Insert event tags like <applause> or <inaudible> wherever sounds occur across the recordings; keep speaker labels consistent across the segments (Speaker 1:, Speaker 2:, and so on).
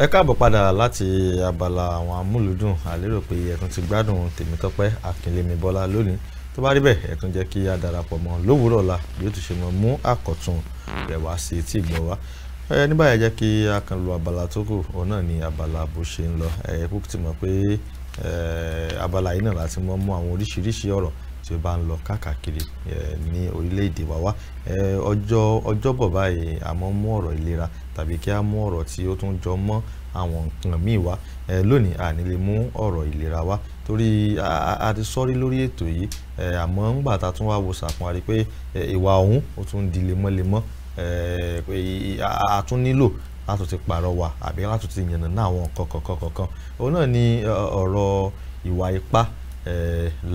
Speaker 1: ẹ káàbọ̀ padà láti abala àwọn amúlùdùn àlérò pé ẹ̀tún ti gbádùn Tèmítọ́pẹ́ Akínlémibọ́lá lónìí tó bá rí bẹ́ẹ̀ ẹ̀tún jẹ́ kí a darapọ̀ mọ́ lówùúrọ̀ ọ̀la bí ó ti ṣe mọ́ mú àkọ̀tún rẹ̀ wá sí etí ìgbọ́ wa ẹ ní báyìí jẹ́ kí a kàn lu abala tó kù òun náà ni abala bó ṣe ń lọ ẹ kúkú ti mọ̀ pé abala yìí náà láti mọ́ mú àwọn oríṣiríṣi ọ̀rọ̀ tí ó bá ń lọ káàkiri ní orílẹ̀-èdè wa wá ọjọ́ ọjọ́bọ̀ báyìí àmọ́ mú ọ̀rọ̀ ìlera tàbí kí á mú ọ̀rọ̀ tí ó tún jọ mọ́ àwọn nǹkan míì wá lónìí a ní lè mú ọ̀rọ̀ ìlera wá torí a ti sọ́rí lórí ètò yìí àmọ́ ńgbà tá a tún wá wo sàkún a rí pé ìwà ọ̀hún ó tún di lemọ́lemọ́ a tún nílò láti ti pàrọwà àbí láti ti yànnàná àwọn nǹkan òun náà ni ọ̀rọ̀ ìwà ipá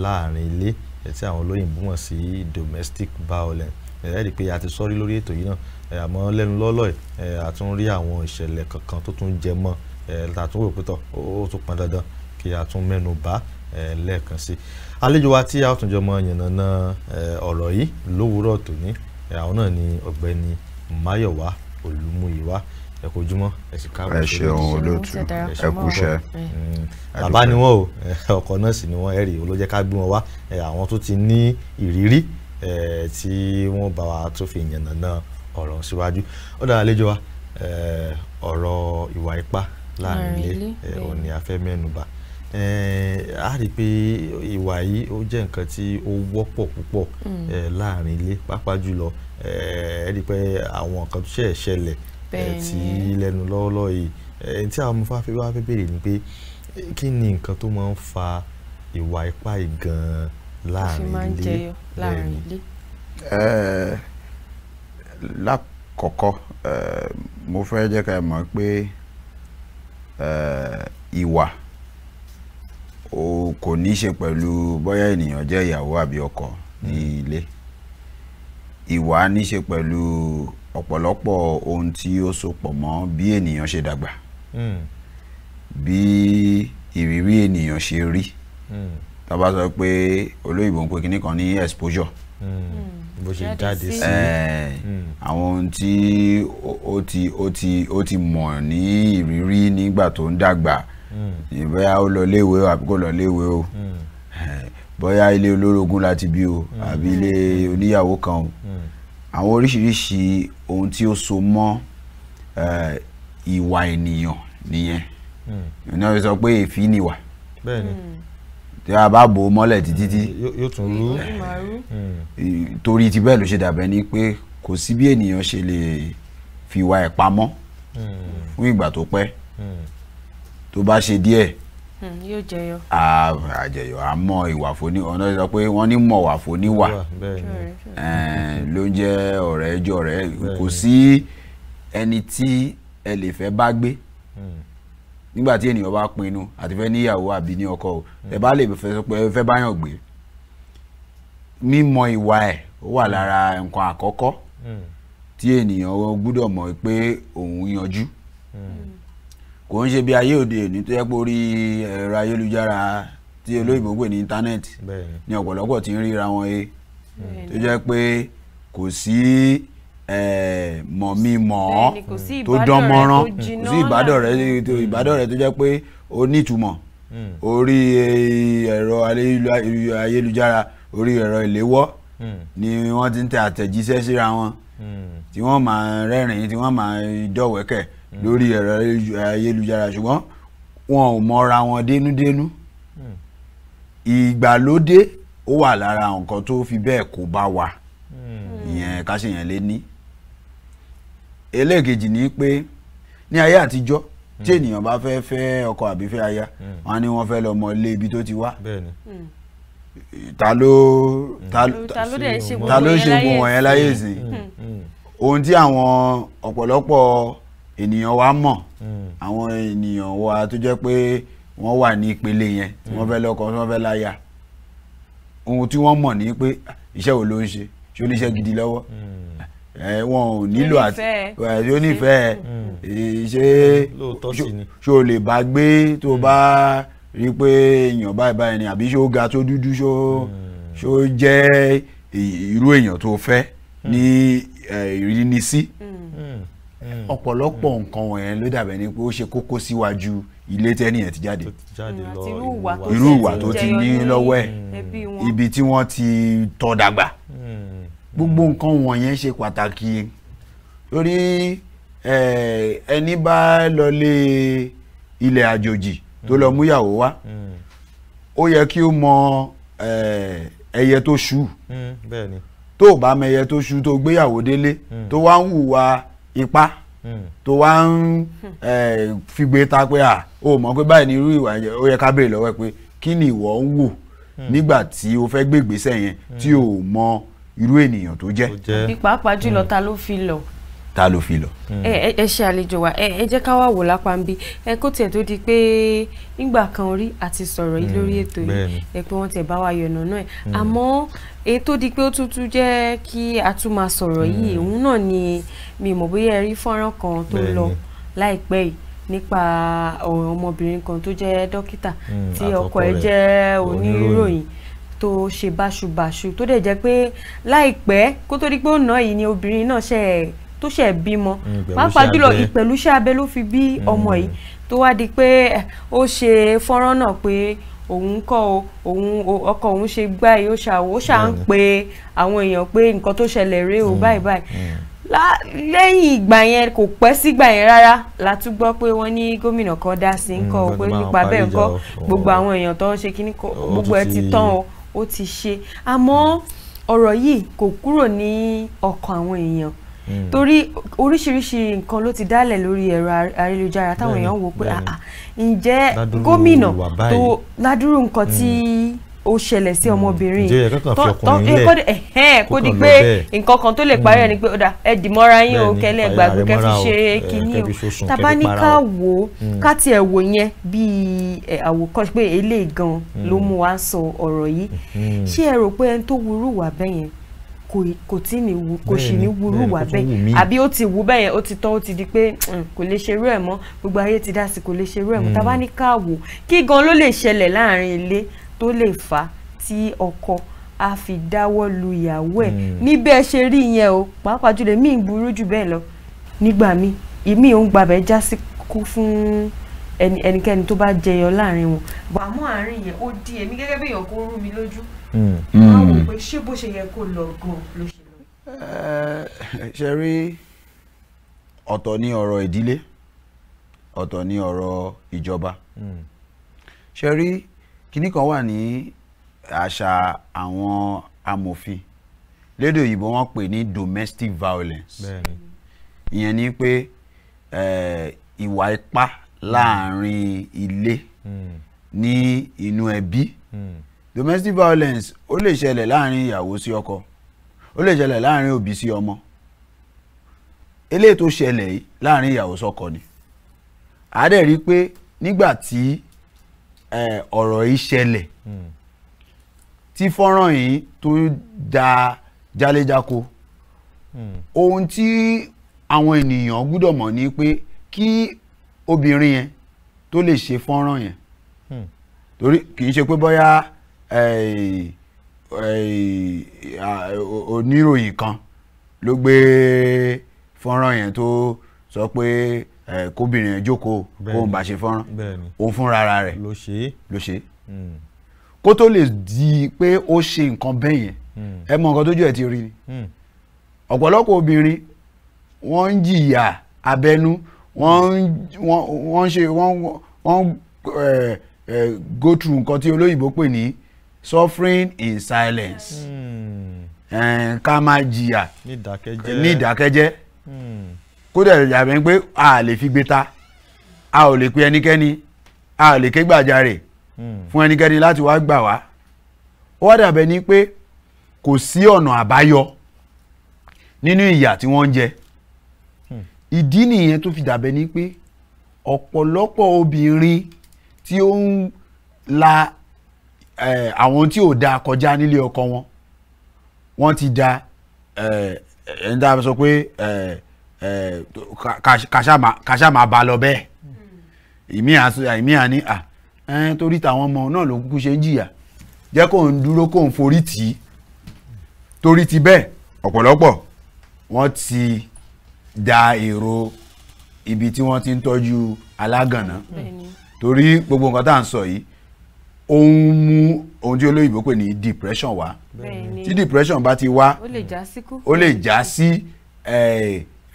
Speaker 1: láàrin ilé tí àwọn olóyìnbó mọ̀ sí domestic violence ẹ rí i pé a ti sọ́rí lórí ètò yìí náà àmọ́ lẹ́nu lọ́lọ́ ẹ̀ a tún rí àwọn ìṣẹ̀lẹ̀ kankan tó tún jẹ mọ́ ẹ̀ látún wò pétọ́ ó tún pọn dandan kí a tún mẹ́nu bà lẹ́ẹ̀kan sí i. àlejò wa tí a tún jọ mọ yànnàná ọ̀rọ̀ yìí lówùúrọ̀ tòní àwọn náà ni ọ̀gbẹ́ni Máyọ̀wá Olúmúyìwá ẹ kò jùmọ̀ ẹ sì káàbọ̀ ẹ ṣeun olóòtú ẹ kúṣẹ́. bàbá ni wọn o <laughs> ọkọ náà sì ni wọn ẹ rí i ló jẹ́ ká gbé wọn wá àwọn tó ti ní ìrírí tí wọ́n bá wa tó fi yànnà náà ọ̀rọ̀ síwájú ó dára lẹ́jọ́ wa ọ̀rọ̀ ìwà ipá láàrin ilé òní afẹ́ a rí i pé ìwà yìí ó jẹ́ nǹkan tí ó wọ́pọ̀ púpọ̀ hmm. láàrin ilé pàápàá jùlọ ẹ rí i pé àwọn nǹkan tó ṣẹ̀ ṣẹlẹ̀ tí lẹ́nu lọ́wọ́lọ́wọ́ yìí ẹni tí àwọn amúfáfẹ́ wá fẹ́ béèrè ni pé kí ni nǹkan tó máa ń fa ìwà ipá ìgan
Speaker 2: láàrin ilé láàrin ilé. lákọ̀ọ́kọ́ mo fẹ́ jẹ́ ká ẹ mọ̀ pé ìwà kò ní í ṣe pẹ̀lú bóyá ènìyàn jẹ́ ìyàwó àbí ọkọ ní hmm. ilé. Mm ìwà ní ṣe pẹ̀lú ọ̀pọ̀lọpọ̀ ohun tí ó so pọ̀ mọ́ bí ènìyàn ṣe dàgbà hmm. bí ìrírí ènìyàn ṣe rí hmm. tá sọ pé olóyìnbó ń pè kinní kan ní exposure
Speaker 1: hmm. bó ṣe jáde sí
Speaker 2: àwọn ohun tí ó ti ó ti ó ti mọ̀ ní ìrírí nígbà tó ń dàgbà ìbẹ́yà ó lọ léèwé o àbí kò lọ léèwé o bóyá ilé olórogún láti bí o mm. àbí ilé oníyàwó kan o mm. àwọn oríṣiríṣi ohun tí ó so mọ́ ìwà ènìyàn nìyẹn ìnáwó mm. sọ pé èéfín nìwà tí a bá bò ó mọ́lẹ̀ títí tí eh, yóò tún torí ti bẹ́ẹ̀ ló ṣe dàbẹ́ ni pé kò sí bí ènìyàn ṣe lè fi ìwà ẹ̀ pamọ́ fún ìgbà tó pẹ́ tó bá ṣe díẹ̀
Speaker 3: Hmm, yóò jẹyọ. àjẹyọ
Speaker 2: àmọ́ ìwàfó ní ọ̀nà sọ pé wọ́n ní mọ̀ wàfó níwà ló ń jẹ́ ọ̀rẹ́ ẹjọ́ rẹ̀ kò sí ẹni tí ẹ lè fẹ́ bá gbé hmm. nígbà tí ènìyàn bá pinnu àti fẹ́ níyàwó àbí ní ọkọ o hmm. ẹ bá lè fẹ́ sọ pé ẹ fẹ́ báyàn gbé mímọ̀ ìwà ẹ̀ ó wà lára nǹkan àkọ́kọ́ tí ènìyàn gbọ́dọ̀ mọ̀ pé òun yanjú kò ń ṣe bí ayé òde òní tó yẹ pé orí eh, ẹ̀rọ ayélujára tí olóyìnbó pè ní íńtánẹ́ẹ̀tì ni ọ̀pọ̀lọpọ̀ ti ń ríra wọn he tó jẹ́ pé kò sí eh, mọ̀mímọ̀ tó dán mọ́rán kò sí ìbádọ́rẹ̀ẹ́ tó jẹ́ pé ó nítumọ̀ hmm. orí eh, ẹ̀rọ ayélujára orí ẹ̀rọ ìléwọ́ hmm. ni wọ́n ti ń tẹ àtẹ̀jíṣẹ́ síra wọn hmm. tí wọ́n máa rẹ́rìn-ín tí wọ́n máa dọ̀wẹ́kẹ̀ lórí ẹ̀rọ ayélujára ṣùgbọ́n wọn ò mọra wọn dénúdénú ìgbàlódé ó wà lára nǹkan tó fi bẹ́ẹ̀ kó bá wa ìyẹn káṣíyàn lé ní ẹlẹ́ẹ̀kejì ni pé ní ayé àtijọ́ tí hmm. ènìyàn bá fẹ́ fẹ́ ọkọ àbí fẹ́ aya hmm. wọn ni wọ́n fẹ́ lọ mọ ilé ibi tó ti wá ta ló hmm.
Speaker 3: ṣe gbogbo wọn láyé sí
Speaker 2: ohun tí àwọn ọ̀pọ̀lọpọ̀ ènìyàn wa mọ̀ hmm. àwọn ènìyàn wa tó jẹ́ pé wọ́n wà ní ìpele yẹn tí wọ́n hmm. fẹ́ lọ́kọ tí wọ́n fẹ́ láya ohun tí wọ́n mọ̀ ní pé iṣẹ́ wo ló ń ṣe ṣé ó níṣẹ́ gidi lọ́wọ́ hmm. eh, wọn ò nílò àti ṣé ó nífẹ̀ẹ́ eh, ṣé ṣé o lè bá gbé tó bá rí pé èèyàn báyìí báyìí ni àbí ṣé ó ga tó dúdú ṣó ṣó jẹ́ irú èèyàn tó fẹ́ ní eh, ìrínisí Mm. ọ̀pọ̀lọpọ̀ mm. nǹkan wọ̀nyẹn ló dàbẹ̀ ni pé ó ṣe kókó síwájú ilé tẹ́nìyàn ti jáde
Speaker 1: mm,
Speaker 3: irú ìwà tó ti ní lọ́wọ́ ẹ̀
Speaker 2: ibi tí wọ́n ti tọ́ dàgbà gbogbo nǹkan wọ̀nyẹn ṣe pàtàkì lórí ẹni bá lọlé ilẹ̀ àjòjì tó lọ múyàwó wá ó yẹ kí ó mọ ẹyẹ tó ṣú tó bá mẹyẹ tó ṣú tó gbéyàwó délé tó wá ń hùwà ipá hmm. tó wá ń hmm. eh, figbe ta pé à ó mọ̀ pé báyìí ni irú ìwà yẹn ó yẹ ká béèrè lọ́wọ́ ẹ pé kí ni ìwọ ń wò hmm. nígbà tí o fẹ́ gbé ìgbésẹ̀ yẹn tí o mọ irú ènìyàn tó jẹ́.
Speaker 3: pàápàá jùlọ ta ló
Speaker 2: fi lọ ta ló fi lọ. Mm. ẹ
Speaker 3: ẹ ṣe àlejò wa ẹ ẹ jẹ́ ká wá wò lápá ń bí ẹ kó tiẹ̀ tó di pé nígbà kan rí àti sọ̀rọ̀ yìí mm, lórí ètò yìí ẹ pé wọ́n tẹ̀ bá wa yọ̀nà náà ẹ̀ mm. àmọ́ èyí tó di pé ó tún tún jẹ́ kí a tún máa sọ̀rọ̀ yìí òun náà ni mi mọ̀ bóyá ẹ rí fọ́nrán kan tó lọ láìpẹ́ yìí nípa ọ̀rọ̀ ọmọbìnrin kan tó jẹ́ dókítà tí ọkọ ẹ̀ jẹ́ oníròyìn tó ṣe báṣubàṣu tó dẹ̀ jẹ́ pé láìpẹ́ kó tó di pé ó ná yìí ni obìnrin náà ṣe tó ṣe bímọ mm, pàápàá jùlọ ìpẹ̀lúṣẹ́ abẹ ló fi bí mm. ọmọ yìí tó wá di pé eh, ó ṣe fọ́nrán náà pé òun kọ́ òun ọkọ òun ṣe gbá yìí ó ṣàwò ó ṣà ń pe àwọn èèyàn pé nǹkan tó ṣẹlẹ̀ rèé o mm, báyìí báyìí lẹ́yìn ìgbà yẹn kò pẹ́ sígbà yẹn rárá la tún gbọ́ pé wọ́n ní gómìnà kan dá sí ń kọ́ ọ pé nípa bẹ́ẹ̀ ń kọ́ gbogbo àwọn èèyàn tó ń ṣe kíní kọ́ gbogbo ẹ ti tán o ó ti ṣe àmọ́ ọ̀rọ̀ yìí kò kúrò ní ọkàn àwọn èèyàn Mm. torí oríṣiríṣi nǹkan ló ti dálẹ̀ lórí ẹ̀rọ ayélujára táwọn èèyàn wò pé ah, ah, ǹjẹ́ gómìnà tó ládùúrú nǹkan tí mm. ó ṣẹlẹ̀ sí mm. ọmọbìnrin kó di pé nǹkan kan tó lè parí ẹ̀ ni pé ọ̀dà ẹ dì mọ́ra yín o kẹ́lẹ́ gbàgbé kẹ́ fi ṣe kínní o tàbá ní ká wò ó ká tiẹ̀ wò yẹn bíi àwòkọ́ṣe pé eléyìí gan ló mú wa sọ ọ̀rọ̀ yìí ṣé ẹ rò pé ẹni tó wúrú wà bẹ́yẹn kò tí ní wù kò sì ní wúrú wà bẹ́ẹ̀ àbí ó ti wù bẹ́ẹ̀ ó ti tán ó ti di pé mm, kò lè ṣerú ẹ̀ mọ́ gbogbo ayé ti dá sí kò lè ṣerú ẹ̀ mọ́ tá a bá hmm. ní ká wò kí gan ló lè ṣẹlẹ̀ láàrin ilé tó lè fà tí ọkọ a fi dáwọ́ lu ìyàwó ẹ̀ hmm. níbẹ̀ ṣe rí yẹn o pàápàá jùlọ èmi ń burú jù bẹ́ẹ̀ lọ nígbà mi èmi ò ń gbàbẹ́ já sí kú fún ẹnikẹ́ni tó bá jẹyọ láàrin wọn àmọ́ àárín yẹn ó di èmi gẹ́gẹ́ bí èèyàn kó rú mi lójú báwo pé ṣé bó ṣe yẹ kó lọ gan ló ṣe
Speaker 2: lọ. ṣe rí ọ̀tọ̀ ní ọ̀rọ̀ ìdílé ọ̀tọ̀ ní ọ̀rọ̀ ìjọba ṣe rí kinní kan wà ní àṣà àwọn amòfin lédè òyìnbó wọ́n pè ní domestic violence ìyẹn ni pé ìwà ipá láàárín ilé hmm. ní inú ẹbí. Hmm domestic violence ó lè ṣẹlẹ̀ láàrin ìyàwó sí ọkọ ó lè ṣẹlẹ̀ láàrin òbí sí ọmọ eléyìí tó ṣẹlẹ̀ yìí láàrin ìyàwó sọ́kọ ni a dẹ̀ rí pé nígbà tí ọ̀rọ̀ yìí ṣẹlẹ̀ hmm. tí fọ́nrán yìí tó da jálẹ́jáko hmm. ohun tí àwọn ènìyàn gbọ́dọ̀ mọ̀ ni pé kí obìnrin yẹn tó lè ṣe fọ́nrán yẹn hmm. torí kì í ṣe pé bóyá oníròyìn kan ló gbé fọ́nrán yẹn tó sọ pé kóbìnrin yẹn jókòó kóun bá ṣe fọ́nrán òun fúnra rẹ̀ ló ṣe ló ṣe hmm. kó tó lè di pé ó ṣe nǹkan bẹ́ẹ̀ yẹn hmm. ẹ mọ nǹkan tójú ẹ̀ ti rí ni hmm. ọ̀pọ̀lọpọ̀ obìnrin wọ́n ń jìyà abẹ́nú wọ́n ń ṣe wọ́n go through nǹkan tí olóyìnbó pè ní suffering in silence hmm. eh, ká máa jìyà ní ìdákẹ́jẹ́ hmm. kódà ìyàbẹ̀ pé a lè fi gbé ta a ò lè pe ẹnikẹ́ni a ò lè ké gbàjarè hmm. fún ẹnikẹ́ni láti wá gbà wá ó wá dàbẹ̀ ni pé kò sí ọ̀nà àbáyọ nínú ìyà tí wọ́n ń jẹ ìdí nìyẹn tó fi dàbẹ̀ ni pé ọ̀pọ̀lọpọ̀ obìnrin tí ó ń la àwọn tí ò da kọjá nílé ọkọ wọn wọ́n ti da ẹni tá a sọ pé kàṣà máa bá lọ bẹ́ẹ̀ ìmí à ní à torí tàwọn ọmọ náà ló kúkú ṣe ń jìyà jẹ́ kó ń dúró kó ń forí tì í torí ti bẹ́ẹ̀ ọ̀pọ̀lọpọ̀ wọ́n ti da èrò ibi tí wọ́n ti ń tọ́jú alágànná torí gbogbo nǹkan tá à ń sọ yìí ó ń mú ohun tí olóyìnbó pè ní depression wá tí depression bá ti wá ó lè já sí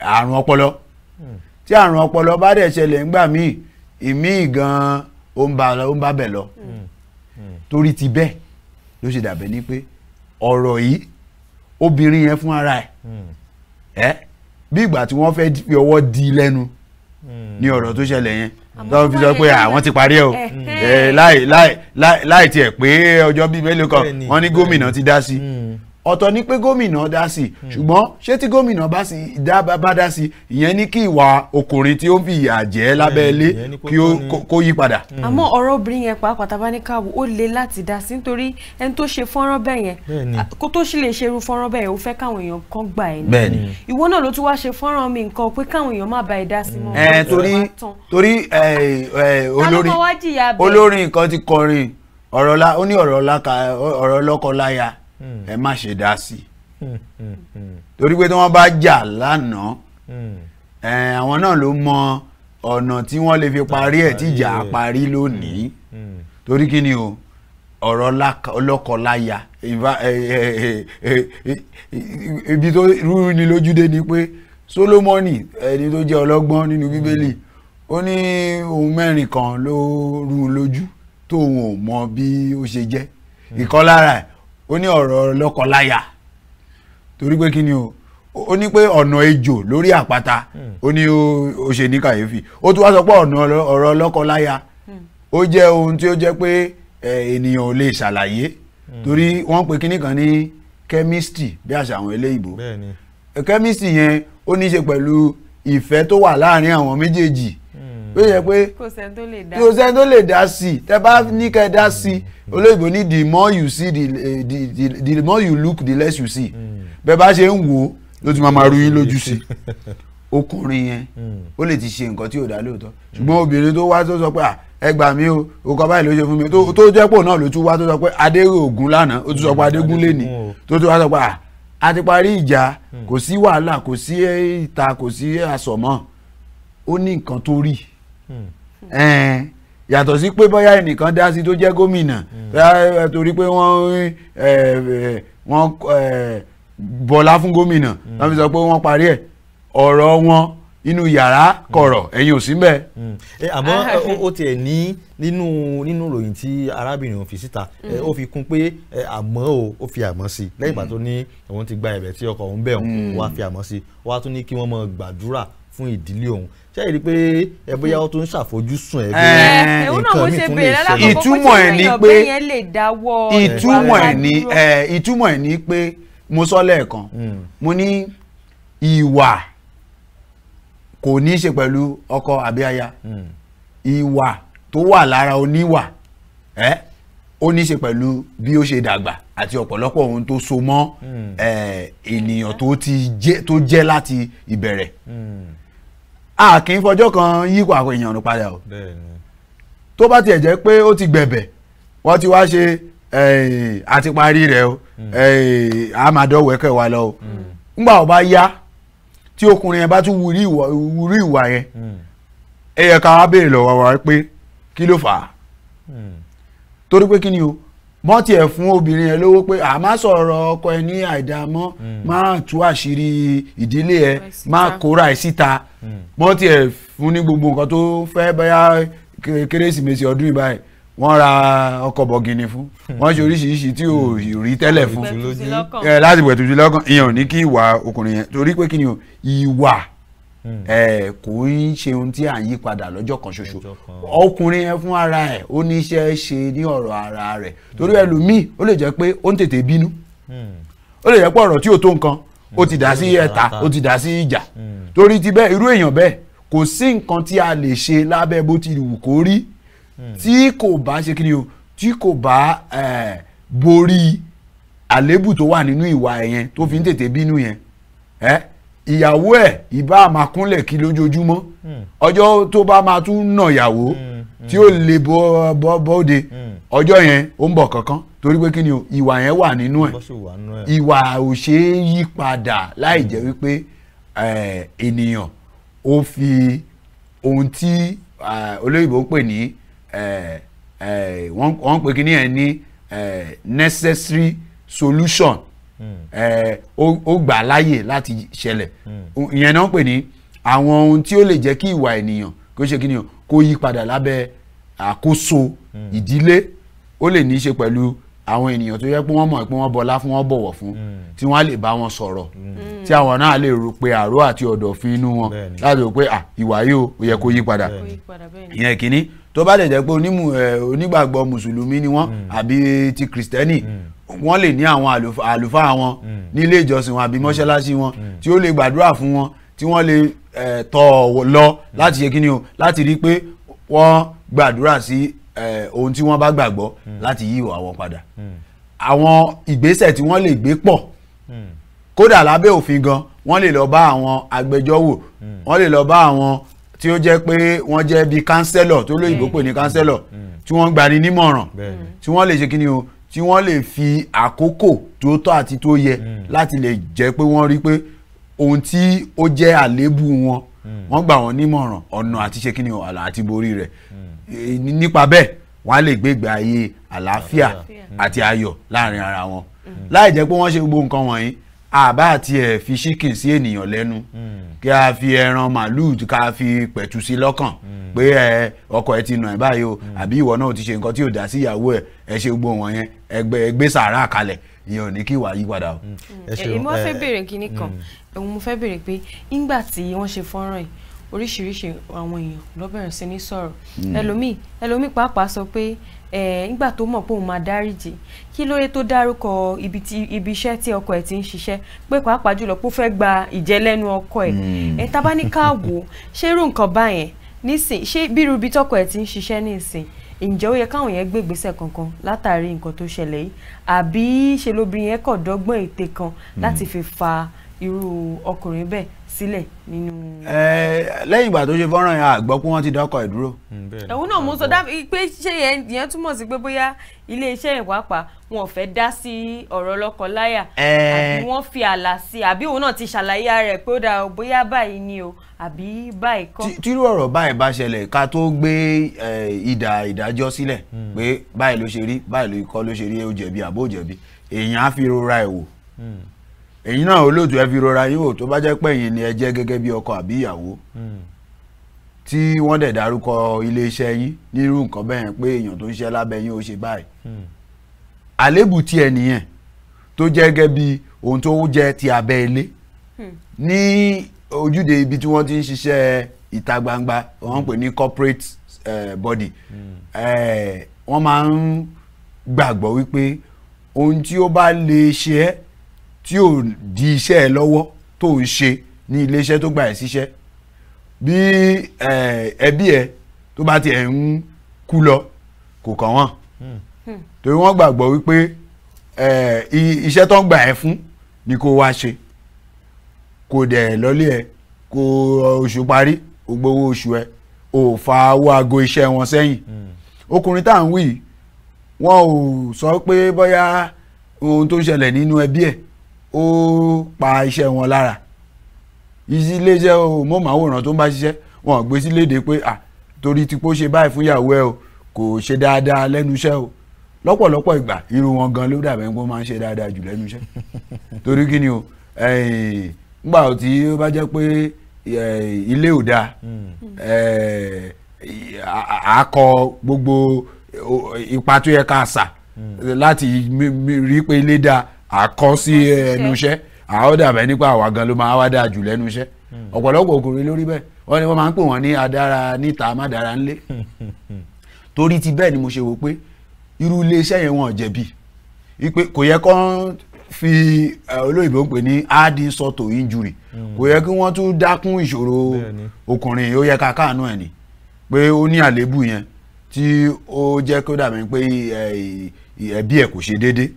Speaker 2: àrùn ọpọlọ hmm. tí àrùn ọpọlọ bá dẹ̀ ṣẹlẹ̀ ńgbà míì ìmíì gan-an ó ń bá bẹ̀ lọ hmm. Hmm. torí ti bẹ́ẹ̀ ló ṣe dàbẹ̀ ni pé ọ̀rọ̀ yìí obìnrin yẹn fún ara ẹ̀ bí ìgbà tí wọ́n fẹ́ fi ọwọ́ di lẹ́nu ní ọ̀rọ̀ tó ṣẹlẹ̀ yẹn tó fi sọ pé àwọn ah, ti parí ẹ o mm. eh, láì láì láì tiẹ̀ pé ọjọ́ bíi mélòó kan wọ́n ní gómìnà ti dá sí mm ọ̀tọ̀ ni pé gómìnà dá sí i hmm. ṣùgbọ́n ṣé tí gómìnà bá sì dá bá dá sí i ìyẹn ní kí ìwà ọkùnrin tí ó ń fi ìyà jẹ hmm. lábẹ́ ilé kí ó kó yí padà. Hmm. àmọ́
Speaker 3: ọ̀rọ̀ obìnrin yẹn pàápàá tá a bá ní káwọ ó le láti dá sí nítorí ẹni tó ṣe fọ́nrán bẹ́ẹ̀ yẹn kó tó sì lè ṣe irú fọ́nrán bẹ́ẹ̀ yẹn ó fẹ́ káwọn èèyàn kan gbà ẹ̀ ní. ìwọ náà ló tún wá ṣe fọ́nrán mi nǹkan pé
Speaker 2: eh, ọ̀rọ̀ eh, eh, ó ní Hmm. ẹ má ṣe dá sí hmm, hmm, torí pé tí wọ́n bá jà lánàá àwọn náà ló mọ ọ̀nà tí wọ́n lè fi parí ẹ̀ tíjà parí lónìí torí kí ni o ọ̀rọ̀ ọlọ́kọláya ibi tó rúrú ni lójúdé ni pé Sólómọ́nì ẹni tó jẹ́ ọlọ́gbọ́n nínú bíbélì ó ní ohun mẹ́rin kan ló rú lójú tóun ò mọ bí ó ṣe jẹ́ ìkan ẹ̀ ó ní ọ̀rọ̀ lọ́kọláya torí pé kí ni o ó ní pé ọ̀nà ejò lórí àpáta ó ní ó ṣe ní kàyéfì ó tún wá sọ pé ọ̀nà ọ̀rọ̀ lọ́kọláya ó jẹ́ ohun tí ó jẹ́ pé ènìyàn ò lè ṣàlàyé torí wọ́n pe kíní kan ní chemistry bí àṣà àwọn eléyìnbó chemistry yẹn ó ní í ṣe pẹ̀lú ìfẹ́ tó wà láàárín àwọn méjèèjì ó yẹ pé
Speaker 3: kò sẹ́ni
Speaker 2: tó lè dá sí i tẹ bá ní kẹ́ dá sí i olóyìnbó ní the more you see the, eh, the, the, the more you look the less you see hmm. bẹ́ẹ̀ bá ṣe ń wò ó ló ti máa ma ru yín lójú sí i <laughs> ọkùnrin yẹn hmm. ó lè ti ṣe nǹkan tí ò dá lóòótọ́ hmm. ṣùgbọ́n obìnrin tó wá tó sọ pé ẹ gbà mí o òkọ báyìí ló ṣe fún mi tó jẹ́ pò náà ló tún wá tó sọ pé adéré ògùn lánàá ó tún sọ pé adégún lè ní tó tún wá sọ pé a ti parí ìjà kò sí wàhálà kò sí ìta kò sí àsọmọ́ ó ní nǹkan tó rí Hmm. yàtọ̀ sí pé bóyá ẹnìkan dá sí tó jẹ́ gómìnà hmm. eh, torí pé wọ́n eh, eh, wọ́n bọlá fún gómìnà hmm. wọ́n fi sọ pé wọ́n parí ẹ̀ ọ̀rọ̀ wọn inú yàrá kọ̀rọ̀ ẹ̀yin ò sí mbẹ̀. àmọ́ ah. ó tiẹ̀
Speaker 1: ní nínú nínú ìròyìn tí arábìnrin òun fi síta ó fi kún pé àmọ́ o ó fi àmọ́ sí i lẹ́yìn ìgbà tó ní òun ti gba ẹ̀bẹ̀ tí ọkọ òun bẹ̀ òun wá fi àmọ́ sí i wá tún ní kí wọ́n mọ gbàdúrà fún ìdílé òun ṣé ìrí pé ẹ bóyá ó tún ṣàfojúsùn ẹ
Speaker 3: bí nǹkan mi tún lè ṣe ìtumọ̀ ẹ̀ ni pé ìtumọ̀ ẹ̀ ni
Speaker 2: ìtumọ̀ ẹ̀ ni pé mo sọ lẹ́ẹ̀kan hmm. mo ní ìwà kò ní í ṣe pẹ̀lú ọkọ àbí aya hmm. ìwà tó wà lára oníwà ẹ́ ó ní í ṣe pẹ̀lú bí ó ṣe dàgbà àti ọ̀pọ̀lọpọ̀ ohun tó so mọ́ hmm. ènìyàn tó jẹ́ láti ìbẹ̀rẹ̀. Mm. a fọjọ́ kan yípo àwọn èèyàn nù padà o tó bá tiẹ̀ jẹ́ pé ó ti gbẹ̀bẹ̀ wọ́n ti wá ṣe àti parí rẹ̀ o hmm. a máa dọ́wọ́ ẹ̀kẹ́ lọ o hmm. ńgbà ọba ya yá tí ọkùnrin yẹn bá tún wúrí ìwà yẹn hmm. ẹ yẹ ká wá béèrè lọ́wọ́ wa pé kí ló fà á torí pé kí ni o mọ́ tiẹ̀ fún obìnrin yẹn lówó pé à má sọ̀rọ̀ ọkọ ẹ ní àìdámọ́ hmm. má tú àṣírí ìdílé ẹ má kóra ẹ síta mọ́ hmm. tiẹ̀ fún ní gbogbo nǹkan tó fẹ́ bẹ́yà kérésìmesì ọdún yìí báyìí wọ́n ra ọkọ̀ bọ̀gìnì fún wọ́n ṣe oríṣiríṣi tí ò hmm. rí tẹ́lẹ̀ fún láti bẹ̀tùjú lọ́kàn ìyẹn ní kí ìwà ọkùnrin yẹn torí pé kí ni ìwà Hmm. kò ń ṣe ohun tí à ń yí padà lọ́jọ́ kan ṣoṣo ọkùnrin yẹn fún ara ẹ̀ ó ní iṣẹ́ ṣe ní ọ̀rọ̀ ara rẹ̀ torí hmm. ẹlòmíì ó lè jẹ́ pé ó ń tètè bínú hmm. ó lè jẹ́ pé ọ̀rọ̀ tí ò tó nǹkan ó ti dá sí ẹ̀ta ó ti dá sí ìjà torí ti bẹ́ẹ̀ irú èèyàn bẹ́ẹ̀ kò sí nǹkan tí a lè ṣe lábẹ́ bó ti wù kó rí tí kò bá ṣe kí ni o tí kò bá borí àléébù tó wà nínú ìwà yẹn tó fi ń tètè bínú yẹn ìyàwó ẹ̀ ìbá máa kúnlẹ̀ kí lójoojúmọ́ hmm. ọjọ́ tó bá máa tún nà ìyàwó hmm, hmm. tí ó lè bọ́ bọ́de ọjọ́ yẹn ó ń bọ̀ kankan torí pé kí ni o ìwà yẹn wà nínú ẹ̀ ìwà ò ṣe é yí padà láì jẹ́ wípé ènìyàn ó fi ohun tí olóyìnbó ń pè ní wọ́n ń pè kí ni ẹ̀ ní necessary solution ó gbà láàyè láti ṣẹlẹ̀ hmm. ìyẹn náà pè ní àwọn ohun tí ó lè jẹ́ kí ìwà ènìyàn kó ṣe kí ni o kó yí padà lábẹ́ àkóso hmm. ìdílé ó lè ní í ṣe pẹ̀lú àwọn ènìyàn tó yẹ pé wọ́n mọ̀ pé wọ́n bọlá fún wọ́n bọ̀wọ̀ fún hmm. tí wọ́n á lè bá wọn sọ̀rọ̀ tí àwọn náà lè rò pé àró àti ọ̀dọ̀ fi inú wọn láti rò pé à ìwà yìí ó yẹ kó yí padà ìyẹn kìíní tó bá dẹ̀ jẹ́ pé onígbàgbọ́ mùsùlùmí ni wọ́n àbí ti kìrìsìtẹ́nì wọ́n lè ní àwọn àlùfáà wọn hmm. nílé ìjọsìn wọn àbí hmm. mọ́ṣáláṣí wọn hmm. tí ó lè gbàdúrà fún wọn tí wọ́n lè tọ̀ lọ láti ṣe kí ni o láti rí i pé wọ́n gbàdúrà sí ohun tí wọ́n bá gbàgbọ́ láti yí ìwà wọn padà àwọn ìgbésẹ̀ tí wọ́n lè gbé pọ̀ kódà lábẹ́ òfin gan wọ́n lè lọ bá àwọn agbẹjọ́wò wọ́n lè lọ bá àwọn tí ó jẹ́ pé wọ́n jẹ́ bíi kánsẹ́lọ̀ tó lóyìnbó pè ní kánsẹ́lọ̀ tí wọ́n gbani nímọ̀ràn tí wọ́n lè ṣe kí ni o tí wọ́n lè fi àkókò tó tọ́ àti tó yẹ hmm. láti lè jẹ́ pé wọ́n rí pé ohun tí ó jẹ́ àléébù wọn hmm. wọ́n gbà wọ́n nímọ̀ràn ọ̀nà àti ṣe kí ni ọ̀la àti borí rẹ̀ hmm. eh, nípa bẹ́ẹ̀ wọ́n á lè gbégbé ayé àlàáfíà àti ayọ̀ láàrin ara wọn láì jẹ́ pé wọ́n ṣe gbogbo nǹkan wọ̀nyí àbá àti ẹ̀ fi ṣíkìn sí ènìyàn lẹ́nu hmm. kí a fi ẹran màlúù ká fi pẹ̀tù sí lọ́kàn hmm. pé ẹ ọkọ ẹ ti nà ẹ báyìí o hmm. àbí ìwọ náà ti ṣe nǹkan tí ò dá sí ìyàwó ẹ ẹ ṣe gbogbo wọn yẹn ẹgbẹ́ ẹgbẹ́ sàárà kalẹ̀ ìyẹn ò ní kí ìwà yí padà o. èmi wọ́n fẹ́ bèrè kínní kan
Speaker 3: òun mo fẹ́ bèrè pé nígbà tí wọ́n ṣe fọ́nrán yìí oríṣiríṣi àwọn èèyàn ló sí ní sọ̀rọ̀ ẹlòmíì ẹlòmíì pàápàá sọ pé nígbà tó mọ̀ pé òun máa dáríjì kí lóye tó dárúkọ ibi iṣẹ́ tí ọkọ ẹ̀ ti ń ṣiṣẹ́ pé pàápàá jùlọ pé ó fẹ́ gba ìjẹ́lẹ́nu ọkọ ẹ̀ hmm. ẹ̀ tá bá ní ká wò ó ṣé irú nǹkan báyẹn nísìn ṣé bírú ibi tọkọ ẹ̀ ti ń ṣiṣẹ́ nísìn ǹjẹ́ ó yẹ káwọn yẹn gbé ìgbésẹ̀ kankan látàrí nǹkan tó ṣẹlẹ̀ yìí àbí ṣe lóbìnrin yẹn kọ̀ dọ́gbọ́n ète kan láti hmm. fi fa irú ọkùnrin bẹ́ẹ̀ sílẹ̀ nínú.
Speaker 2: lẹ́yìn ìgbà tó ṣe fọ́nrán yẹn àgbọ́ pé wọ́n ti dọ́kọ̀ ẹ̀ dúró. Mm,
Speaker 3: òun náà mo sọ pé ṣé yẹn túmọ̀ sí pé bóyá iléeṣẹ́ yẹn pàápàá wọn ò fẹ́ dá sí ọ̀rọ̀ lọ́kọ-láyà àbí wọ́n fi ààlà sí àbí òun náà ti ṣàlàyé rẹ̀ pé ó dà bóyá báyìí ni o àbí báyìí kọ́.
Speaker 2: tírú ọ̀rọ̀ báyìí bá ṣẹlẹ̀ ká tó gbé ìdà ìdájọ́ sílẹ̀ mm. pé báyìí ló ṣe rí báyìí ló kọ́ ló ṣe rí ó jẹ̀bi àbó jẹ̀bi èèyàn á fi rora ẹ̀ wò mm ẹ̀yin náà olóòtú ẹ fi rọra yín wò tó bá jẹ́ pé ẹ̀yin ni ẹ jẹ́ gẹ́gẹ́ bí ọkọ àbí ìyàwó tí wọ́n dẹ̀ dárúkọ iléeṣẹ́ yín nírú nǹkan bẹ́ẹ̀ pé èèyàn tó ń ṣe lábẹ́ yín ó ṣe báyìí àlébù tí ẹ nìyẹn tó jẹ́ gẹ́gẹ́ bí ohun tó jẹ́ ti abẹ́ ilé ní ojúde ibi tí wọ́n ti ń ṣiṣẹ́ ìta gbangba wọ́n pè ní corporate body wọ́n máa ń gbàgbọ́ wípé ohun tí ó bá lè ṣe é tí ò di iṣẹ́ ẹ lọ́wọ́ tó ń ṣe ní iléeṣẹ́ tó gbà ẹ́ síṣẹ́ bí ẹbí ẹ tó bá tiẹ̀ ń kú lọ kò kàn wọ́n hmm. Hmm. torí wọ́n gbàgbọ́ wípé iṣẹ́ tó ń gbà ẹ́ fún ni kó wá ṣe kò dẹ̀ lọ́lé ẹ kó oṣù parí ó gbowó oṣù ẹ ò fa owó aago iṣẹ́ wọn sẹ́yìn hmm. ọkùnrin tá ń wí wọn ò sọ pé bóyá ohun tó ń ṣẹlẹ̀ nínú ẹbí ẹ̀ ó pa iṣẹ́ wọn lára iléeṣẹ́ òmòmàwòrán tó ń bá ṣiṣẹ́ wọn gbé sí léde pé à torí tí kò ṣe báyìí fún ìyàwó ẹ o kò ṣe dáadáa lẹ́nu iṣẹ́ o lọ́pọ̀lọpọ̀ ìgbà irú wọn gan ló dàbẹ̀ ń pọ́n máa ń ṣe dáadáa jù lẹ́nu iṣẹ́ <laughs> torí kí ni o ngbà tí ó bá jẹ́ pé ilé ò dáa àkọ hmm. gbogbo ipa tó yẹ ká sà hmm. láti rí pé ilé dáa àkọ́ sí eh, ẹnu iṣẹ́ àọ́dà bẹ́ẹ̀ nípa àwa gan ló máa wá dáa jù lẹ́nu iṣẹ́ hmm. ọ̀pọ̀lọpọ̀ ọkùnrin lórí bẹ́ẹ̀ wọ́n ní wọ́n máa ń pè wọ́n ní adára níta má dára <laughs> torí ti bẹ́ẹ̀ ni mo ṣe wò pé irú iléeṣẹ́ yẹn wọ́n jẹ̀bi ipe kò yẹ kán fi eh, olóyìnbó ń pè ní adding salt to injury hmm. kò yẹ kí wọ́n tún dákún ìṣòro ọkùnrin ó yẹ ká káàánú ẹ̀ ni pé ó ní àléébù yẹn tí ó jẹ́ kó dàbí pé eh, ẹbí ẹ kò ṣe déédé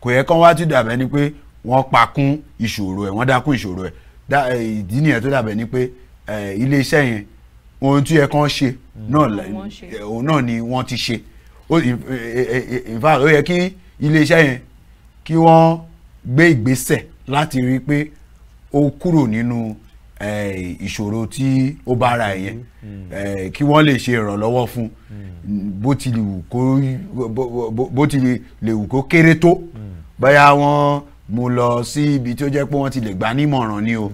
Speaker 2: kò yẹ kán wá tún dàbẹ́ ni pé wọ́n pa kún ìṣòro ẹ̀ wọ́n dá kún ìṣòro ẹ̀ ìdí nìyẹn tó dàbẹ́ ni pé ilé iṣẹ́ yẹn ohun tí ẹ kàn ṣe náà ni wọ́n ti ṣe ó yẹ kí ilé iṣẹ́ yẹn kí wọ́n gbé ìgbésẹ̀ láti rí i pé ó kúrò nínú Eh, ìṣòro tí ó bá ara ẹ̀ yẹn mm-hmm. eh, kí wọ́n lè ṣe ìrànlọ́wọ́ fún mm-hmm. bó ti lè wù kó kéré tó mm-hmm. bóyá wọ́n mú lọ sí ibi tí ó jẹ́ pé wọ́n ti lè gbà nímọ̀ràn ni o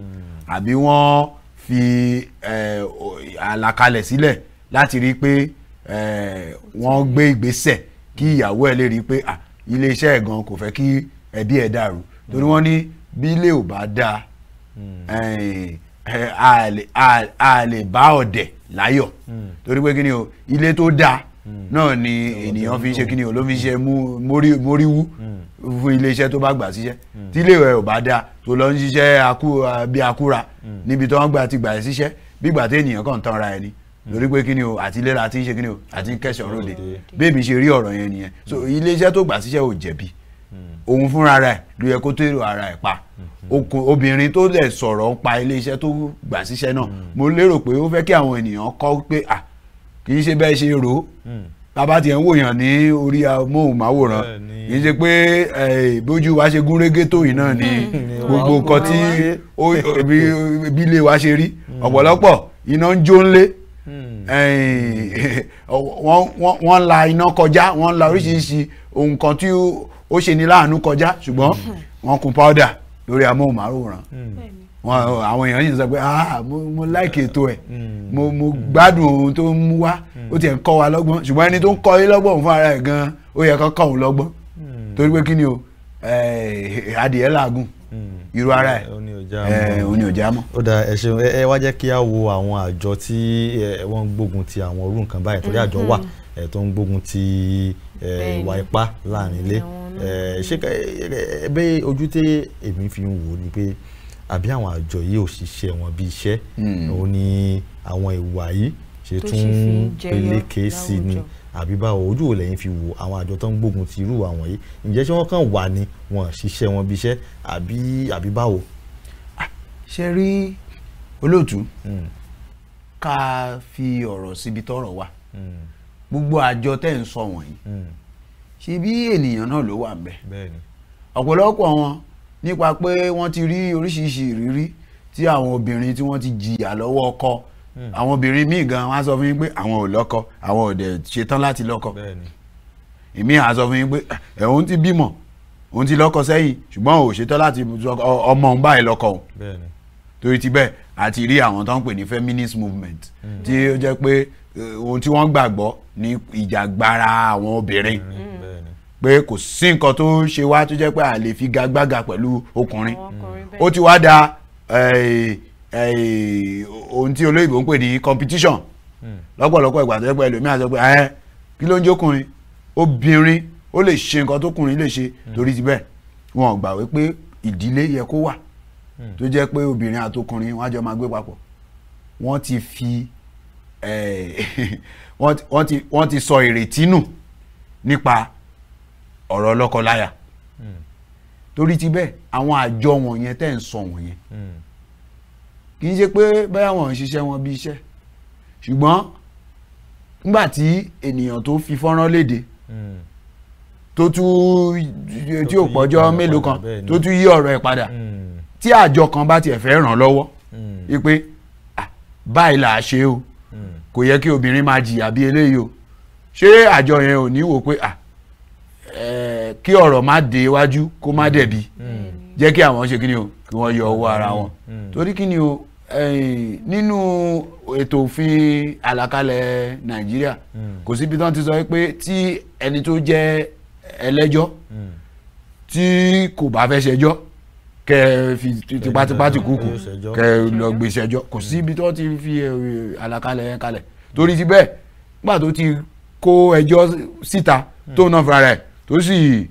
Speaker 2: àbí wọ́n fi eh, àlàkalẹ̀ sílẹ̀ láti rí i pé wọ́n gbé ìgbésẹ̀ kí ìyàwó ẹ̀ lè rí i pé iléeṣẹ́ ẹ̀ gan kò fẹ́ kí ẹbí ẹ̀ dàrú torí wọ́n ní bí ilé ò bá dáa a lè bá ọ̀dẹ̀ láyọ̀ hmm. torí pé kí o ilé tó dáa hmm. náà ni ènìyàn fi ń ṣe kí o ló fi ń ṣe móríwú hmm. fún iléeṣẹ́ tó bá gbà síṣẹ́ tí ilé rẹ̀ ò bá dáa tó lọ ń ṣiṣẹ́ bí akúra níbi tó ń gbà ti gbà ẹ́ síṣẹ́ bí gbà tí ènìyàn kàn tanra ẹni lórí pé kí o àti ìlera àti ń ṣe kí o àti ń kẹsàn-án ròde bébí ṣe rí ọ̀rọ̀ yẹn nìyẹn so iléeṣẹ́ tó gbà síṣẹ́ ò jẹ̀bi òun fúnra rẹ̀ ló yẹ kó tó èrò ara ẹ̀ pa obìnrin tó lè sọ̀rọ̀ pa iléeṣẹ́ tó gbà síṣẹ́ náà hmm. mo lérò pé ó fẹ́ kí àwọn ènìyàn kọ́ pé à kì í ṣe bẹ́ẹ̀ ṣe rò ó bàbá hmm. tiẹ̀ ń wòyàn ní orí amóhùnmáwòrán kì í ṣe pé eh, bójú wa ṣe gún régé tó yìí náà ni hmm. gbogbo nǹkan tí bí ilé wa ṣe rí ọ̀pọ̀lọpọ̀ iná ń jó ńlé eh, <laughs> wọ́n la iná kọjá wọ́n la oríṣiríṣi ohun kan tí ó ṣe ní láàánú kọjá ṣùgbọ́n wọ́n kun powder lórí amóhùnmáwòrán wọn àwọn èèyàn yìí sọ pé ah mo like ètò ẹ mo mo gbádùn ohun tó ń mú wá ó tiẹ̀ ń kọ́ wa lọ́gbọ́n ṣùgbọ́n ẹni tó ń kọ́ yín lọ́gbọ́n fún ara ẹ̀ gan-an ó yẹ kó kọ́ òun lọ́gbọ́n torí pé kí ni o eh, adìẹ làágùn irú ara ẹ òní
Speaker 1: ò já mọ́. ó dà ẹ ṣeun ẹ wá jẹ́ kí a wo àwọn àjọ tí wọ́n ń gbógun ti àwọn orú nǹkan báyìí torí àjọ wà mm-hmm. tó ń gbógun ti ìwà eh, ipá láàrin ilé eh, ṣé ẹbẹ eh, ojú tí èmi fi ń wò ni pé àbí àwọn àjọ yìí ò ṣiṣẹ́ wọn bí iṣẹ́ hmm. òun ni àwọn ìwà yìí ṣe tún peléke sí ni àbí báwo ojú ò lẹ́yìn fi wo àwọn àjọ tó ń gbógun ti irú àwọn yìí ǹjẹ́ ṣé wọ́n kàn wà ní wọn ṣiṣẹ́ wọn bí iṣẹ́ àbí báwo. ṣe rí
Speaker 2: olóòtú hmm. ká fi ọ̀rọ̀ síbi tọ́rọ̀ wà. Mm gbogbo àjọ tẹ́ ń sọ wọ̀nyí hmm. ṣe bí ènìyàn náà ló wà ń bẹ̀ ọ̀pọ̀lọpọ̀ wọn nípa pé wọ́n ti rí oríṣiríṣi ìrírí tí àwọn obìnrin tí wọ́n ti jìyà lọ́wọ́ ọkọ hmm. àwọn obìnrin míì gan wọ́n á sọ fún yín pé àwọn ò lọ́kọ àwọn ò dẹ̀ ṣetán láti lọ́kọ èmi à sọ fún yín pé ẹ̀hún ti bímọ òun ti lọ́kọ sẹ́yìn ṣùgbọ́n ò ṣetán láti ọmọ òun báyìí lọ́kọ òun torí ti bẹ́ẹ̀ àti rí àwọn tó ń pè ní feminist movement hmm. tí ó jẹ́ pé ohun tí wọ́n gbàgbọ́ ní ìjàgbara àwọn obìnrin mm, mm. pé kò sí nǹkan tó ṣe wá tó jẹ́ pé a lè fi gagbága pẹ̀lú ọkùnrin ó ti wá da eh, eh, ohun tí olóyìnbó ń pè ní competition mm. lọ́pọ̀lọpọ̀ ìgbà tó jẹ́ pé ẹlòmíràn sọ pé ẹ eh, kí ló ń jókùnrin obìnrin ó lè ṣe nǹkan tó kùnrin lè ṣe torí ti bẹ́ẹ̀ wọn gbà wí pé ìdílé yẹ kó wà tó jẹ́ pé obìnrin àtọkùnrin wọn á jọ máa gbé papọ̀ wọ́n ti fi <laughs> wọ́n ti wọ́n ti sọ ìrètí nù nípa ọ̀rọ̀ lọ́kọláya hmm. torí ti bẹ́ẹ̀ àwọn àjọ wọ̀nyẹn tẹ́ ń sọ wọ̀nyẹn hmm. kì í ṣe pé báyà wọn ò ṣiṣẹ́ wọn bí iṣẹ́ ṣùgbọ́n nígbà tí ènìyàn tó fi fọ́nrán léde hmm. tó tún tí ò pọ́jọ́ mélòó kan tó tún yí ọ̀rọ̀ ẹ̀ padà tí àjọ kan bá tiẹ̀ fẹ́ ràn lọ́wọ́ wípé báyìí là á ṣe o kò yẹ kí obìnrin máa jìyà bí eléyìí o ṣé àjọ yẹn ò ní wò pé à kí ọ̀rọ̀ má dé iwájú kó má dẹ̀bi hmm. jẹ́ kí àwọn ṣe kí ni o kí wọ́n yọ owó ara wọn hmm. Hmm. torí kí ni o nínú ètò òfin àlàkalẹ̀ nàìjíríà kò síbi tán ti sọ pé tí ẹni tó jẹ́ ẹlẹ́jọ́ tí kò bá fẹ́ ṣẹjọ́ kẹ ẹ fi tipátipá ti kúkú kẹ ẹ lọ gbèsè ẹjọ́ kò sí ibi tí wọ́n ti fi eh, àlàkalẹ̀ yẹn kalẹ̀ torí ti bẹ́ẹ̀ nígbà tó ti kó ẹjọ́ síta tó náà fúnra rẹ̀ tó sì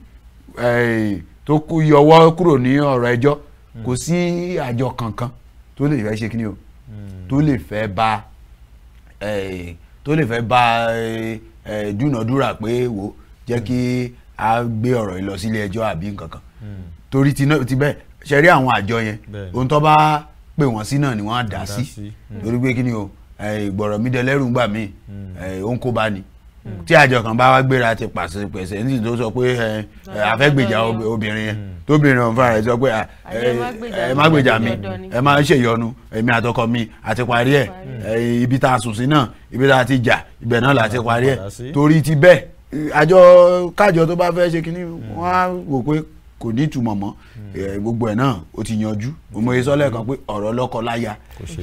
Speaker 2: eh, tó yọwọ́ kúrò ní ọ̀rọ̀ ẹjọ́ kò sí àjọ kankan tó lè fẹ́ ṣe kí ni o hmm. tó lè fẹ́ bá eh, tó lè fẹ́ bá dúnàdúrà pé wò jẹ́ kí a gbé ọ̀rọ̀ yìí lọ sílé ẹjọ́ àbí nǹkan hmm. torí ti bẹ́ẹ̀ ṣe rí àwọn àjọ yẹn ohun tó bá pè wọ́n sí náà ni wọ́n á dá sí hmm. torí pé kí ni o ìgbọ̀rọ̀ mi dẹlẹ́rù gbà mí òun hmm. kó bá ni hmm. tí àjọ kan bá wá gbéra ti pàṣẹ pẹ̀sẹ̀ ní tó sọ pé àfẹ́gbèjà obìnrin yẹn tóbìnrin ọ̀hún fúnra rẹ̀ sọ pé
Speaker 4: ẹ má gbèjà mi
Speaker 2: ẹ má ṣèyọnu èmi àtọkọ mi àti parí ẹ̀ ibi tá a sùn sí náà ibi tá a ti jà ibẹ̀ náà là ti parí ẹ̀ torí ti bẹ́ẹ̀ àjọ kájọ tó bá fẹ́ ṣe kínní wọ́n á wò pé kò ní ìtumọ̀ mọ́ hmm. eh, gbogbo ẹ̀ náà ó ti yanjú mo yẹ sọ́lẹ̀ kan pé ọ̀rọ̀ lọ́kọ láya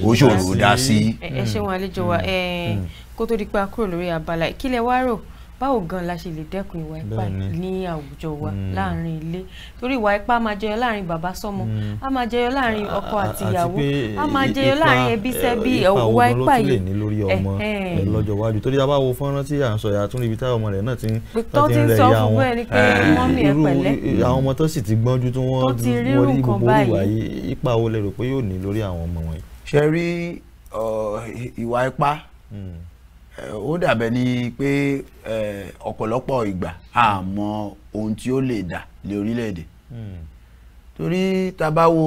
Speaker 2: ó ṣòro dá sí. ẹ ṣe wọn àlejò wa hmm. Eh, hmm.
Speaker 3: kó tó di pa kúrò lórí abala ìkílẹ̀ wá rò báwo gan la ṣe lè dẹ́kun ìwà ipá ní àwùjọ wa hmm. láàrin ilé torí ìwà ipá máa jẹyọ láàrin bàbá sọ́mọ hmm. a máa jẹyọ láàrin ọkọ àti ìyàwó a máa jẹyọ láàrin ẹbí eh, sẹ́bí ìwà ipá yìí
Speaker 1: lọ́jọ́ iwájú torí a bá wo fọ́nrán tí à ń sọ yà tún ibi táwọn ọmọ rẹ̀ náà ti ń rẹ̀ ya wọn eh, irú àwọn ọmọ tó sì ti gbọ́njú
Speaker 2: tí wọ́n wọlé gbogbo ìwà yìí ipa wo lẹ rò pé yóò ní lórí àwọn ọmọ wọn yìí. ṣe rí ìwà ipá hmm ó dàbẹ̀ ni pé ọ̀pọ̀lọpọ̀ ìgbà a mọ ohun tí ó lè dà lé orílẹ̀-èdè hmm. torí tá bá wo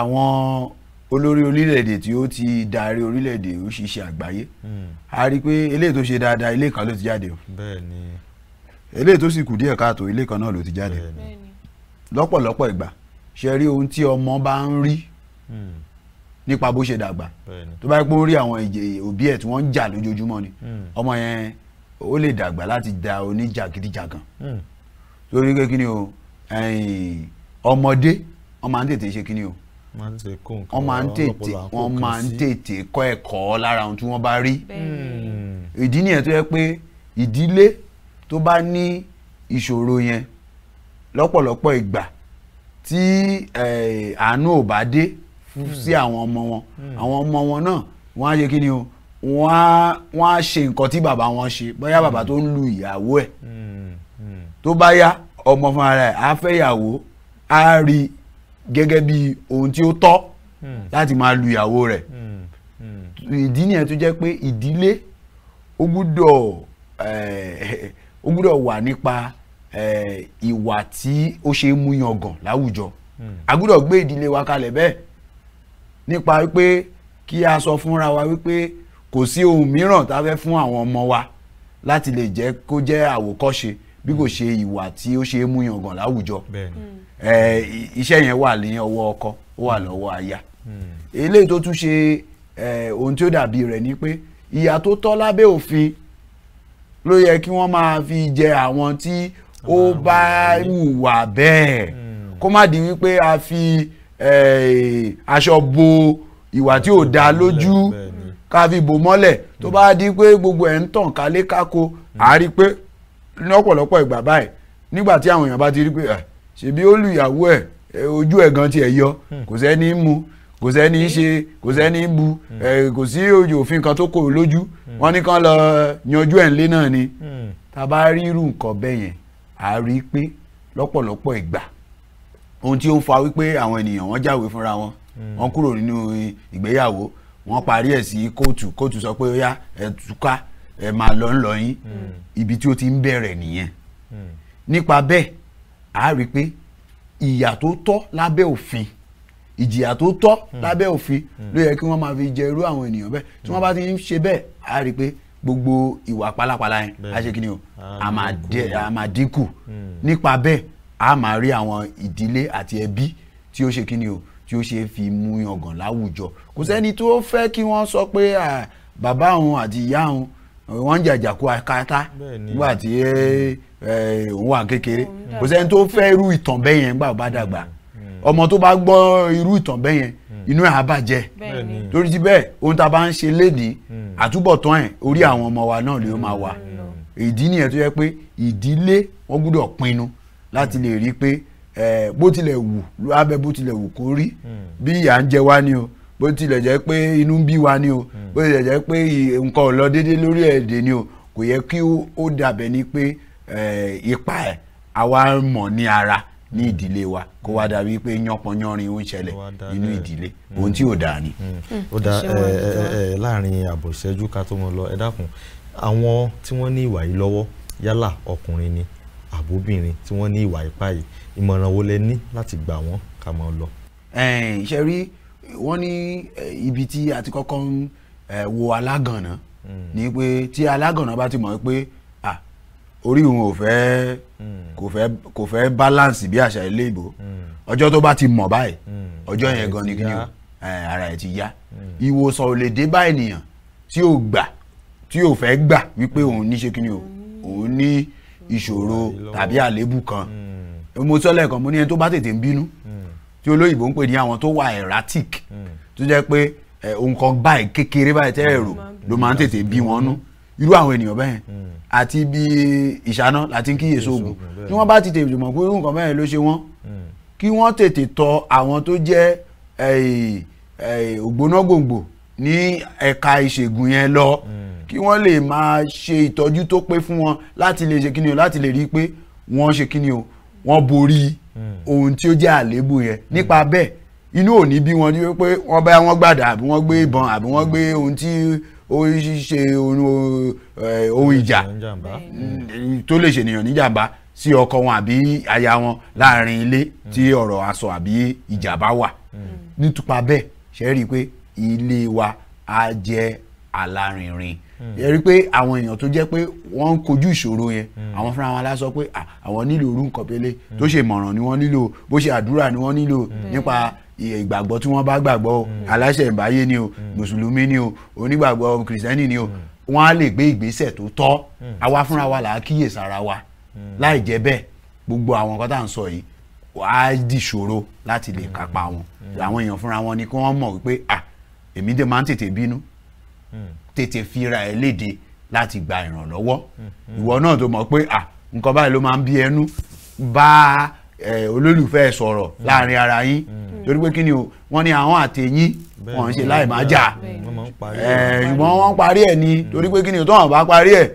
Speaker 2: àwọn olórí orílẹ̀-èdè tí ó ti darí orílẹ̀-èdè oríṣiríṣi àgbáyé hmm. a rí i pé eléyìí tó ṣe dáadáa ilé kan ló ti jáde o eléyìí tó sì kù díẹ̀ káàtó ilé kan náà ló ti jáde lọ́pọ̀lọpọ̀ ìgbà ṣe rí ohun tí ọmọ bá ń rí hmm nípa bó ṣe dàgbà tó bá yẹ pé ó rí àwọn òbí ẹ̀ tí wọ́n ń jà lójoojúmọ́ ni hmm. ọmọ yẹn ó lè dàgbà láti da oníjàgídíjàgan hmm. torí pé kí ni o ọmọdé wọ́n máa ń tètè ṣe kí ni o
Speaker 1: wọ́n
Speaker 2: máa ń tètè wọ́n máa ń tètè kọ́ ẹ̀kọ́ lára ohun tí wọ́n bá rí hmm. ìdí nìyẹn tó yẹ pé ìdílé tó bá ní ìṣòro yẹn lọ́pọ̀lọpọ̀ ìgbà tí àánú ò bá dé. Hmm. sí àwọn ọmọ wọn hmm. àwọn ọmọ wọn náà wọ́n á ṣe kí ni o wọ́n á wọ́n á ṣe nǹkan tí bàbá wọn ṣe bóyá hmm. bàbá tó ń lu ìyàwó ẹ̀ tó bá yá ọmọ fúnra rẹ̀ á fẹ́ ìyàwó á rí gẹ́gẹ́ bí ohun tí ó tọ́ láti máa lu ìyàwó rẹ̀ ìdí nìyẹn tó jẹ́ pé ìdílé ó gbúdọ̀ eh, <laughs> ó gbúdọ̀ wà nípa eh, ìwà tí ó ṣe é mú yangàn láwùjọ a gbúdọ̀ gbé ìdílé wa kalẹ̀ bẹ́ẹ̀ nípa wípé kí a sọ fúnra wa wípé kò sí ohun mìíràn tá a fẹ́ fún àwọn ọmọ wa láti lè jẹ́ kó jẹ́ àwòkọ́ṣe bí kò ṣe ìwà tí ó ṣe é mú yangàn láwùjọ hmm. iṣẹ́ yẹn wà ní ọwọ́ ọkọ ó wà lọ́wọ́ aya hmm. eléyìí tó tún ṣe ohun tí ó dàbí rẹ̀ ni pé ìyà tó tọ́ lábẹ́ òfin ló yẹ kí wọ́n máa fi jẹ àwọn tí ó bá hùwà bẹ́ẹ̀ hmm. kó má di wípé a fi. Mm Eh, aṣọ bo ìwà tí ò dáa lójú ká fi bò mọ́lẹ̀ tó bá di pé gbogbo ẹ̀ ń tàn kálé kákó a rí pé ní ọ̀pọ̀lọpọ̀ ìgbà báyìí nígbà tí àwọn èèyàn bá ti rí pé ṣèbí ó lu ìyàwó ẹ̀ ojú ẹ̀ gan tiẹ̀ yọ hmm. kò sẹ́ni mú kò sẹ́ni ṣe kò sẹ́ni bu hmm. kò sí òfin kan tó kò lójú hmm. wọ́n ní kán lọ yanjú ẹ̀ ńlé náà ni tá a bá rí irú nǹkan bẹ́yẹn a rí pé lọ́pọ̀lọpọ̀ ìgbà ohun tí ó ń fa wípé àwọn ènìyàn wọ́n jáwé fúnra wọn hmm. wọ́n kúrò nínú ìgbéyàwó wọ́n parí ẹ̀ sí kóòtù kóòtù sọ pé ó yá ẹ túká ẹ máa lọ ńlọ yín hmm. ibi tí ó ti ń bẹ̀rẹ̀ nìyẹn hmm. nípa bẹ́ẹ̀ a rí i pé ìyà tó tọ́ lábẹ́ òfin ìjìyà tó tọ́ lábẹ́ òfin ló yẹ kí wọ́n máa fi jẹ irú àwọn ènìyàn bẹ́ẹ̀ tí wọ́n bá ti ń ṣe bẹ́ẹ̀ a rí pé gbogbo ìwà pálapàla yẹn a ṣe kí ni o a máa dínkù nípa bẹ́ẹ̀ a máa rí àwọn ìdílé àti ẹbí tí ó ṣe kí ni o tí ó ṣe fi mú yangàn láwùjọ kò sẹ́ni tó fẹ́ kí wọ́n sọ pé bàbá òun àti ìyá òun wọ́n ń jàjàkú akátá nígbà tí òun wà kékeré kò sẹ́ni tó fẹ́ irú ìtàn bẹ́ẹ̀ yẹn gbà bá dàgbà ọmọ tó bá gbọ́ irú ìtàn bẹ́ẹ̀ yẹn inú ẹ̀ á bàjẹ́ torí ti bẹ́ẹ̀ ohun tá a bá ń ṣe lénìí hmm. àtúbọ̀tán ẹ̀ orí àwọn ọmọ wa náà ni ó máa wà hmm. ìdí nìyẹn tó yẹ pé ìdílé wọ́n gbọ́dọ̀ pinnu láti lè rí pé bó tilẹ̀ wù lábẹ́ bó tilẹ̀ wù kó rí hmm. bí ìyà ń jẹ wá ni o bó tilẹ̀ jẹ́ pé inú ń bí wa ni o hmm. bó tilẹ̀ jẹ́ pé nǹkan ò lọ déédéé lórí èdè ni o kò yẹ kí ó dàbẹ̀ ni pé ipa ẹ̀ àwa mọ̀ ní ara ní hmm. ìdílé wa kó wá dàbí pé yánpọnyánrin ó ń ṣẹlẹ̀ nínú ìdílé ohun tí ò dáa ni.
Speaker 1: ó dá láàrin àbọ̀ ìṣẹ́jú ká tó mọ lọ ẹ dákun àwọn tí wọ́n ní ìwà yìí lọ́wọ́ yálà ọkùnrin ni àbóbìnrin tí wọ́n ní ìwà ipá yìí
Speaker 2: ìmọ̀ràn wo lẹ ní láti gbà wọ́n ká máa lọ. ṣe rí wọ́n ní ibi tí a ti kọ́kọ́ ń wo alágànná hmm. ni pé tí alágànná bá ti mọ̀ pé orí òun ò hmm. fẹ́ kò fẹ́ balance bí àṣà ilé ìbò hmm. ọjọ́ tó bá ti mọ̀ báyìí ọjọ́ yẹn gan ni kí ni o ara ẹ̀ ti yá ìwòsàn ò lè dé bá ènìyàn tí ò gbà tí ò fẹ́ gbà wípé òun ní ṣe kí o òun ní ìṣòro tàbí àléébù kan hmm. mo sọ lẹ́ẹ̀kan mo ní ẹni tó bá tètè ń bínú hmm. tí olóyìnbó ń pè ní àwọn tó wà erratic hmm. tó jẹ́ pé eh, ohun kan báyìí kékeré báyìí tẹ́ èrò ló máa ń tètè bí wọn nú irú àwọn ènìyàn bẹ́ẹ̀ àti bí ìṣáná láti ń kíyè sóògùn tí wọ́n bá ti tètè mọ̀ pé irú nǹkan bẹ́ẹ̀ ló ṣe wọ́n kí wọ́n tètè tọ àwọn tó jẹ́ eh, eh, ògbóná gbòǹgbò ní ẹ̀ka ìṣègùn yẹn lọ hmm. kí wọ́n lè máa ṣe ìtọ́jú tó pé fún wọn láti lè ṣe kíni o láti lè rí i pé wọ́n ṣe kíni o wọ́n borí hmm. ohun tí ó jẹ́ àléébù yẹn hmm. nípa bẹ́ẹ̀ inú ò ní bí wọn ní pé wọ́n bá wọn gbàdà àbí wọ́n gbé ìbọn àbí wọ́n gbé ohun tí ó ṣe ohun eh, ìjà tó lè ṣènìyàn níjàmbá sí ọkọ wọn àbí aya wọn láàrin ilé tí ọ̀rọ̀ aṣọ àbí ìjà wà nítorí bẹ́ẹ̀ ṣe rí i pé ilé wa á jẹ́ alárinrin hmm. ẹ rí i pé àwọn èèyàn tó jẹ́ pé wọ́n ń kojú ìṣòro yẹn hmm. àwọn fúnra wọn lásán pé àwọn nílò orú nǹkan pélé hmm. tó ṣe ìmọ̀ràn ni wọ́n nílò bó ṣe àdúrà ni wọ́n nílò nípa ìgbàgbọ́ tí wọ́n bá gbàgbọ́ o aláṣẹ ìbáyé ni o mùsùlùmí ni o onígbàgbọ́ kìrìsìtẹ́nì ni o wọ́n á lè gbé ìgbésẹ̀ tó tọ́ àwa fúnra wa là á kíyèsí ara wa láì jẹ́ bẹ́ẹ̀ gbogbo àwọn nǹkan tá à ń sọ yìí wàá dìṣòro láti lè kápá wọn àwọn èèyàn fúnra wọn ni kí wọ́n mọ̀ wípé ah èmi dé máa ń tètè bínú hmm. tètè fira ẹ léde láti gba ìrànlọ́wọ́ hmm. ìwọ náà tó mọ̀ pé à nǹkan báyìí ló máa ń bí ẹnu bá olólùfẹ́ ẹ sọ̀rọ̀ hmm. láàrin ara yín torí pé kí ni o wọ́n ní àwọn àtẹ̀yìn wọ́n ń ṣe láì máa jà ṣùgbọ́n wọ́n ń parí ẹ̀ ni torí pé kí ni o tó wọ́n bá parí ẹ̀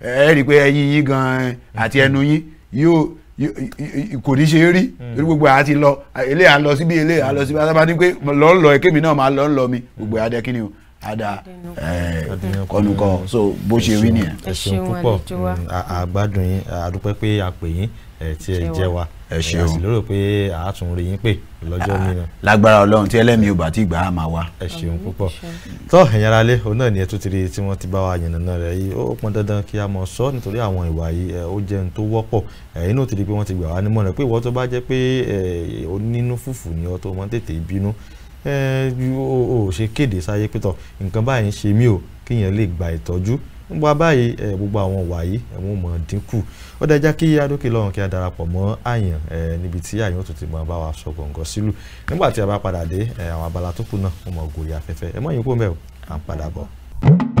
Speaker 2: ẹ rí i pé ẹyin yín gan-an àti ẹnu yín yóò kò ní ṣe rí hmm. torí gbogbo àá ti lọ eléyà lọ síbi eléyà lọ síbi asábà ní pé lọ ń lọ èkémi náà máa lọ ń lọ mi gbogbo àdé kí ni o ada kọnukọ so bó ṣe rí nìyẹn. ẹ ṣeun púpọ̀
Speaker 1: àgbádùn yín àdúpẹ́ pé a pè yín tí ẹ jẹ́ wa ẹ ṣeun ẹ sì lérò pé a tún rí yín pé lọ́jọ́ mìíràn.
Speaker 2: lágbára ọlọ́run tí ẹlẹ́mi yorùbá ti gbà á máa wá. ẹ ṣeun púpọ̀
Speaker 1: tó ẹ̀yin lé òun náà ni ẹ tún ti rí tí wọ́n ti bá wa yànnàná rẹ̀ yìí ó pọn dandan kí a mọ̀ sọ nítorí àwọn ìwà yìí ó jẹ́ n tó wọ́pọ̀ inú ti di pé wọ́n ti gbà wá nímọ̀ràn pé ìwọ tó bá jẹ́ pé onínú fùfù ni ọ tó mọ tètè bínú o ò ṣe kéde sáyé pé tọ nǹkan báyìí ń ṣe mí o kíyàn lè gba ìtọ́jú wá báyìí ẹ gbogbo àwọn wàyí ẹ̀wọ̀n mọ̀ dínkù ó dájá kí adókè lọ́rùn kí a darapọ̀ mọ́ àyàn ẹ níbi tí àyàn tó ti mọ̀ bá wa sọ gọ̀ǹgọ̀ sílù nígbà tí a bá padà dé àwọn abala tó kù náà ó mọ̀ gòrí afẹ́fẹ́ ẹ mọ̀ yín kó o à ń padà bọ̀.